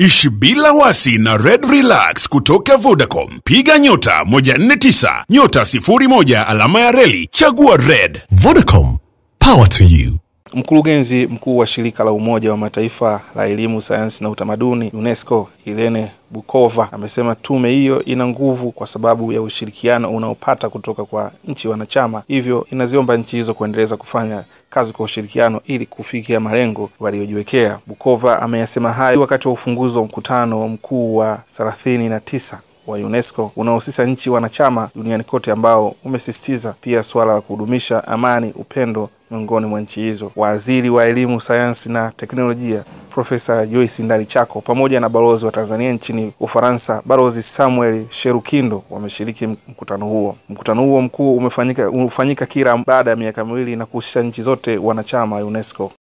Ishi bila wasi na Red Relax kutoka Vodacom. Piga nyota 149 nyota 01 alama ya reli chagua Red. Vodacom, power to you. Mkurugenzi mkuu wa shirika la Umoja wa Mataifa la elimu, sayansi na utamaduni UNESCO Irene Bukova amesema tume hiyo ina nguvu kwa sababu ya ushirikiano unaopata kutoka kwa nchi wanachama, hivyo inaziomba nchi hizo kuendeleza kufanya kazi kwa ushirikiano ili kufikia malengo waliojiwekea. Bukova ameyasema hayo wakati wa ufunguzi wa mkutano mkuu wa thelathini na tisa wa UNESCO unaohusisha nchi wanachama duniani kote, ambao umesisitiza pia suala la kudumisha amani, upendo miongoni mwa nchi hizo. Waziri wa Elimu, Sayansi na Teknolojia Profesa Joyce Ndalichako pamoja na balozi wa Tanzania nchini Ufaransa, Balozi Samuel Sherukindo wameshiriki mkutano huo. Mkutano huo mkuu umefanyika, umefanyika kila baada ya miaka miwili na kuhusisha nchi zote wanachama UNESCO.